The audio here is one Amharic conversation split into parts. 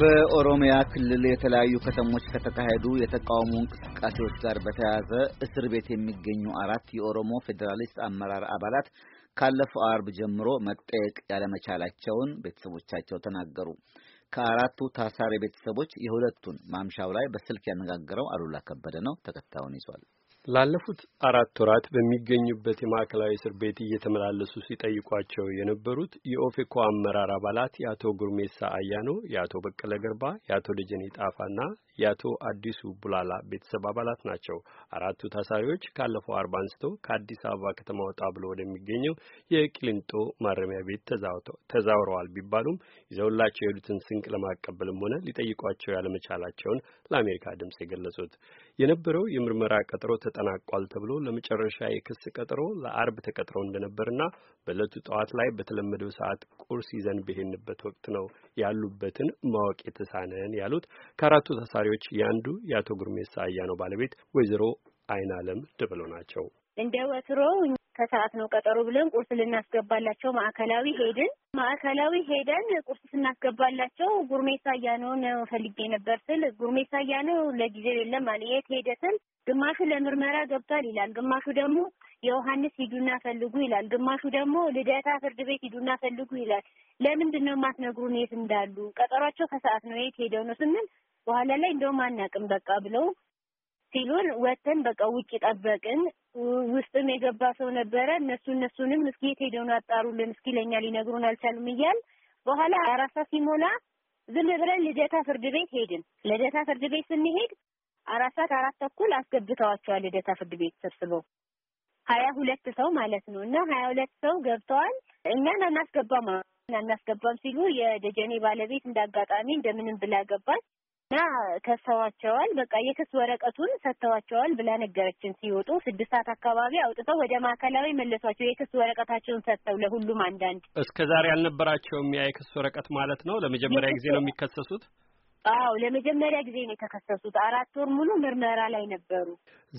በኦሮሚያ ክልል የተለያዩ ከተሞች ከተካሄዱ የተቃውሞ እንቅስቃሴዎች ጋር በተያያዘ እስር ቤት የሚገኙ አራት የኦሮሞ ፌዴራሊስት አመራር አባላት ካለፈው አርብ ጀምሮ መጠየቅ ያለመቻላቸውን ቤተሰቦቻቸው ተናገሩ። ከአራቱ ታሳሪ ቤተሰቦች የሁለቱን ማምሻው ላይ በስልክ ያነጋገረው አሉላ ከበደ ነው። ተከታዩን ይዟል። ላለፉት አራት ወራት በሚገኙበት የማዕከላዊ እስር ቤት እየተመላለሱ ሲጠይቋቸው የነበሩት የኦፌኮ አመራር አባላት የአቶ ጉርሜሳ አያኖ፣ የአቶ በቀለ ገርባ፣ የአቶ ደጀኔ ጣፋና የአቶ አዲሱ ቡላላ ቤተሰብ አባላት ናቸው። አራቱ ታሳሪዎች ካለፈው አርባ አንስቶ ከአዲስ አበባ ከተማ ወጣ ብሎ ወደሚገኘው የቅሊንጦ ማረሚያ ቤት ተዛውረዋል ቢባሉም ይዘውላቸው የሄዱትን ስንቅ ለማቀበልም ሆነ ሊጠይቋቸው ያለመቻላቸውን ለአሜሪካ ድምጽ የገለጹት የነበረው የምርመራ ቀጠሮ ተጠናቋል ተብሎ ለመጨረሻ የክስ ቀጠሮ ለአርብ ተቀጥሮ እንደነበርና በእለቱ ጠዋት ላይ በተለመደው ሰዓት ቁርስ ይዘን በሄንበት ወቅት ነው ያሉበትን ማወቅ የተሳነን ያሉት ከአራቱ ታሳሪዎች የአንዱ የአቶ ጉርሜሳ አያነው ባለቤት ወይዘሮ አይናለም ድብሎ ናቸው። እንደ ወትሮው ከሰዓት ነው ቀጠሮ ብለን ቁርስ ልናስገባላቸው ማዕከላዊ ሄድን። ማዕከላዊ ሄደን ቁርስ ስናስገባላቸው ጉርሜሳ ነው ፈልጌ ነበር ስል ጉርሜሳ አያነው ለጊዜው የለም አለ። የት ሄደ ስል ግማሹ ለምርመራ ገብቷል ይላል፣ ግማሹ ደግሞ የዮሐንስ ሂዱና ፈልጉ ይላል፣ ግማሹ ደግሞ ልደታ ፍርድ ቤት ሂዱና ፈልጉ ይላል። ለምንድን ነው የማትነግሩን የት እንዳሉ? ቀጠሯቸው ከሰዓት ነው የት ሄደው ነው ስንል በኋላ ላይ እንደውም አናውቅም በቃ ብለው ሲሉን ወተን በቃ ውጭ ጠበቅን። ውስጥም የገባ ሰው ነበረ። እነሱ እነሱንም እስኪ የት ሄደው ነው አጣሩልን፣ እስኪ ለእኛ ሊነግሩን አልቻሉም እያል በኋላ አራሳ ሲሞላ ዝም ብለን ልደታ ፍርድ ቤት ሄድን። ልደታ ፍርድ ቤት ስንሄድ አራት ሰዓት አራት ተኩል አስገብተዋቸዋል። ልደታ ፍርድ ቤት ሰብስበው ሀያ ሁለት ሰው ማለት ነው እና ሀያ ሁለት ሰው ገብተዋል። እኛን አናስገባም አናስገባም ሲሉ የደጀኔ ባለቤት እንዳጋጣሚ እንደምንም ብላ ገባች። እና ከሰዋቸዋል። በቃ የክስ ወረቀቱን ሰጥተዋቸዋል ብላ ነገረችን። ሲወጡ ስድስት ሰዓት አካባቢ አውጥተው ወደ ማዕከላዊ መለሷቸው። የክስ ወረቀታቸውን ሰጥተው ለሁሉም አንዳንድ እስከ ዛሬ አልነበራቸውም ያ የክስ ወረቀት ማለት ነው። ለመጀመሪያ ጊዜ ነው የሚከሰሱት። አዎ ለመጀመሪያ ጊዜ ነው የተከሰሱት። አራት ወር ሙሉ ምርመራ ላይ ነበሩ።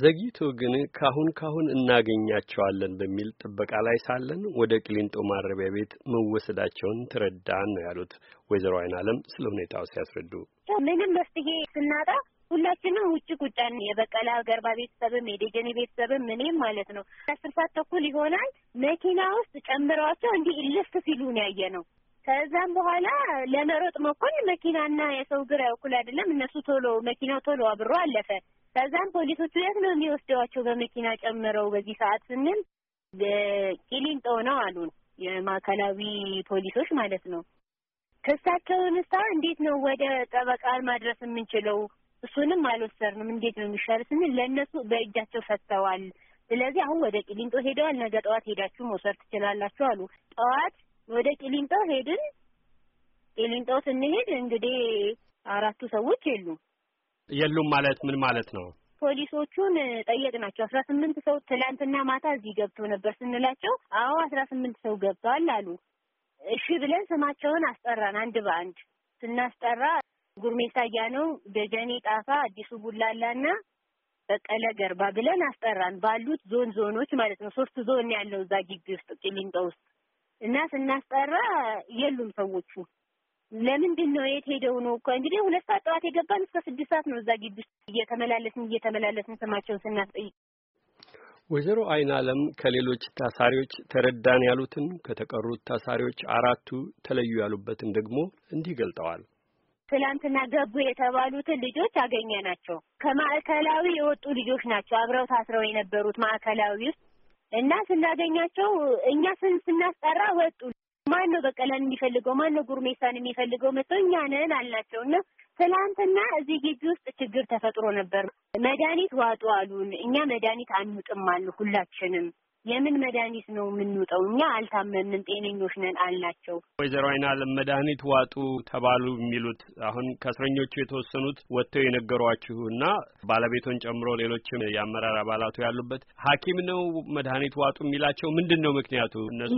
ዘግይቶ ግን ካሁን ካሁን እናገኛቸዋለን በሚል ጥበቃ ላይ ሳለን ወደ ቅሊንጦ ማረቢያ ቤት መወሰዳቸውን ትረዳን ነው ያሉት ወይዘሮ አይን አለም ስለ ሁኔታው ሲያስረዱ ምንም መፍትሄ ስናጣ ሁላችንም ውጭ ቁጫን የበቀላ ገርባ ቤተሰብም የደጀኔ ቤተሰብም እኔም ማለት ነው አስር ሰዓት ተኩል ይሆናል መኪና ውስጥ ጨምረዋቸው እንዲህ እልፍ ሲሉን ያየ ነው። ከዛም በኋላ ለመሮጥ መኮን መኪናና የሰው ግራ እኩል አይደለም። እነሱ ቶሎ መኪናው ቶሎ አብሮ አለፈ። ከዛም ፖሊሶቹ የት ነው የሚወስደዋቸው በመኪና ጨምረው በዚህ ሰዓት ስንል ቂሊንጦ ነው አሉን፣ የማዕከላዊ ፖሊሶች ማለት ነው። ክሳቸውን ስታ እንዴት ነው ወደ ጠበቃ ማድረስ የምንችለው? እሱንም አልወሰርንም እንዴት ነው የሚሻል ስንል ለእነሱ በእጃቸው ፈተዋል። ስለዚህ አሁን ወደ ቂሊንጦ ሄደዋል። ነገ ጠዋት ሄዳችሁ መውሰድ ትችላላችሁ አሉ። ጠዋት ወደ ቂሊንጦ ሄድን። ቂሊንጦ ስንሄድ እንግዲህ አራቱ ሰዎች የሉም። የሉም ማለት ምን ማለት ነው? ፖሊሶቹን ጠየቅናቸው። አስራ ስምንት ሰው ትላንትና ማታ እዚህ ገብቶ ነበር ስንላቸው አዎ አስራ ስምንት ሰው ገብቷል አሉ። እሺ ብለን ስማቸውን አስጠራን አንድ በአንድ ስናስጠራ ጉርሜሳ አያነው፣ ደጀኔ ጣፋ፣ አዲሱ ቡላላና በቀለ ገርባ ብለን አስጠራን። ባሉት ዞን ዞኖች ማለት ነው። ሶስት ዞን ያለው እዛ ግቢ ውስጥ ቂሊንጦ ውስጥ እና ስናስጠራ የሉም ሰዎቹ። ለምንድን ነው የት ሄደው ነው? እኮ እንግዲህ ሁለት ሰዓት ጠዋት የገባን እስከ ስድስት ሰዓት ነው እዛ ግቢ እየተመላለስን እየተመላለስን ስማቸውን ስናስጠይቅ ወይዘሮ አይን አለም ከሌሎች ታሳሪዎች ተረዳን ያሉትን ከተቀሩት ታሳሪዎች አራቱ ተለዩ ያሉበትን ደግሞ እንዲህ ገልጠዋል። ትላንትና ገቡ የተባሉትን ልጆች አገኘ ናቸው። ከማዕከላዊ የወጡ ልጆች ናቸው። አብረው ታስረው የነበሩት ማዕከላዊ ውስጥ እና ስናገኛቸው እኛ ስን ስናስጠራ ወጡ። ማን ነው በቀለን የሚፈልገው? ማን ነው ጉርሜሳን የሚፈልገው? መጥቶ እኛ ነን አልናቸው እና ትላንትና እዚህ ግቢ ውስጥ ችግር ተፈጥሮ ነበር። መድኃኒት ዋጡ አሉን። እኛ መድኃኒት አንውጥም አሉ ሁላችንም የምን መድኃኒት ነው የምንውጠው? እኛ አልታመምን፣ ጤነኞች ነን አልናቸው። ወይዘሮ አይናለም መድኃኒት ዋጡ ተባሉ የሚሉት አሁን ከእስረኞቹ የተወሰኑት ወጥተው የነገሯችሁና ባለቤቶን ጨምሮ ሌሎችም የአመራር አባላቱ ያሉበት ሐኪም ነው መድኃኒት ዋጡ የሚላቸው ምንድን ነው ምክንያቱ? እነሱ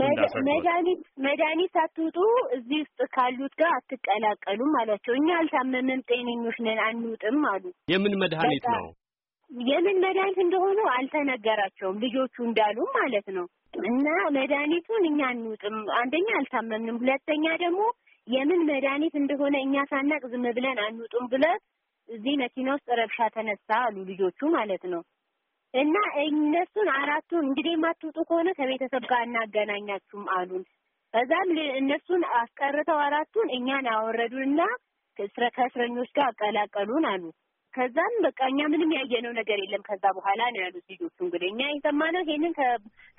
መድኃኒት መድኃኒት ሳትውጡ እዚህ ውስጥ ካሉት ጋር አትቀላቀሉም አሏቸው። እኛ አልታመምም ጤነኞች ነን አንውጥም አሉ። የምን መድኃኒት ነው? የምን መድኃኒት እንደሆኑ አልተነገራቸውም ልጆቹ እንዳሉ ማለት ነው። እና መድኃኒቱን እኛ እንውጥም አንደኛ አልታመምንም፣ ሁለተኛ ደግሞ የምን መድኃኒት እንደሆነ እኛ ሳናቅ ዝም ብለን አንውጡም ብለ እዚህ መኪና ውስጥ ረብሻ ተነሳ አሉ ልጆቹ ማለት ነው። እና እነሱን አራቱን እንግዲህ የማትውጡ ከሆነ ከቤተሰብ ጋር እናገናኛችሁም አሉን። ከዛም እነሱን አስቀርተው አራቱን እኛን አወረዱንና ከእስረኞች ጋር አቀላቀሉን አሉ። ከዛም በቃ እኛ ምንም ያየነው ነገር የለም ከዛ በኋላ ነው ያሉት ልጆቹ። እንግዲህ እኛ የሰማነው ይሄንን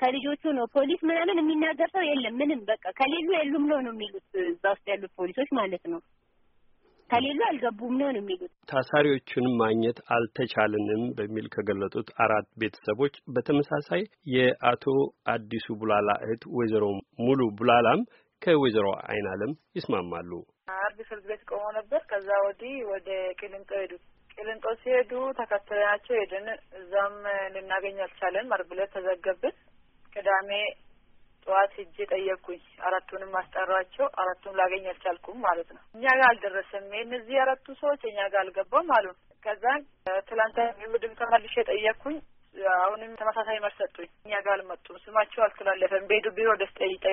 ከልጆቹ ነው። ፖሊስ ምናምን የሚናገር ሰው የለም ምንም በቃ ከሌሉ የሉም ነው ነው የሚሉት እዛ ውስጥ ያሉት ፖሊሶች ማለት ነው። ከሌሉ አልገቡም ነው ነው የሚሉት። ታሳሪዎቹን ማግኘት አልተቻልንም በሚል ከገለጡት አራት ቤተሰቦች በተመሳሳይ የአቶ አዲሱ ቡላላ እህት ወይዘሮ ሙሉ ቡላላም ከወይዘሮ አይን አለም ይስማማሉ። አርብ ፍርድ ቤት ቆሞ ነበር። ከዛ ወዲህ ወደ ቂሊንጦ ሄዱት። ቅልንጦ ሲሄዱ ተከትለናቸው ሄድን። እዛም ልናገኝ አልቻለን። ማር ብለት ተዘገብን። ቅዳሜ ጠዋት ሂጄ ጠየቅኩኝ። አራቱንም አስጠሯቸው። አራቱም ላገኝ አልቻልኩም ማለት ነው። እኛ ጋር አልደረሰም። እነዚህ አራቱ ሰዎች እኛ ጋር አልገባም አሉ። ከዛ ትላንት ምድም ተመልሼ ጠየቅኩኝ። አሁንም ተመሳሳይ መልስ ሰጡኝ። እኛ ጋር አልመጡም፣ ስማቸው አልተላለፈም። በሄዱ ቢሮ ደስ ጠይቂ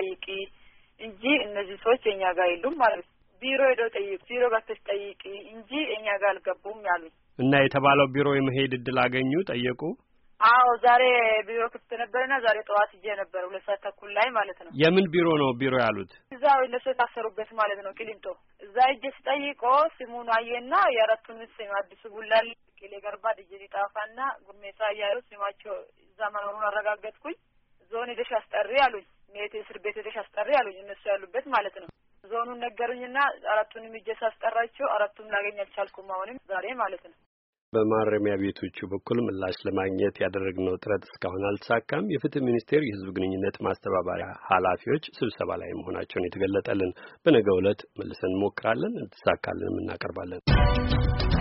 እንጂ እነዚህ ሰዎች የእኛ ጋር የሉም ማለት ነው። ቢሮ ሄዶ ጠይቅ፣ ቢሮ ገብተሽ ጠይቂ እንጂ እኛ ጋር አልገቡም ያሉኝ እና የተባለው ቢሮ የመሄድ እድል አገኙ ጠየቁ? አዎ ዛሬ ቢሮ ክፍት ነበርና ዛሬ ጠዋት እጄ ነበር ሁለት ሰዓት ተኩል ላይ ማለት ነው። የምን ቢሮ ነው ቢሮ ያሉት? እዛ እነሱ የታሰሩበት ማለት ነው ቂሊንጦ። እዛ እጄ ስጠይቆ ስሙን አየና የአራቱን ስም አዲሱ ቡላል፣ ቅሌ ገርባ፣ ድጅሪ ጣፋና ጉርሜሳ እያሉ ስማቸው እዛ መኖሩን አረጋገጥኩኝ። ዞን ሄደሽ አስጠሪ አሉኝ። ሜት እስር ቤት ሄደሽ አስጠሪ አሉኝ። እነሱ ያሉበት ማለት ነው። ዞኑን ነገሩኝና አራቱንም እጄ ሳስጠራቸው አራቱም ላገኝ አልቻልኩም። አሁንም ዛሬ ማለት ነው። በማረሚያ ቤቶቹ በኩል ምላሽ ለማግኘት ያደረግነው ጥረት እስካሁን አልተሳካም። የፍትህ ሚኒስቴር የህዝብ ግንኙነት ማስተባበሪያ ኃላፊዎች ስብሰባ ላይ መሆናቸውን የተገለጠልን፣ በነገው ዕለት መልሰን እንሞክራለን። እንድትሳካልን እናቀርባለን።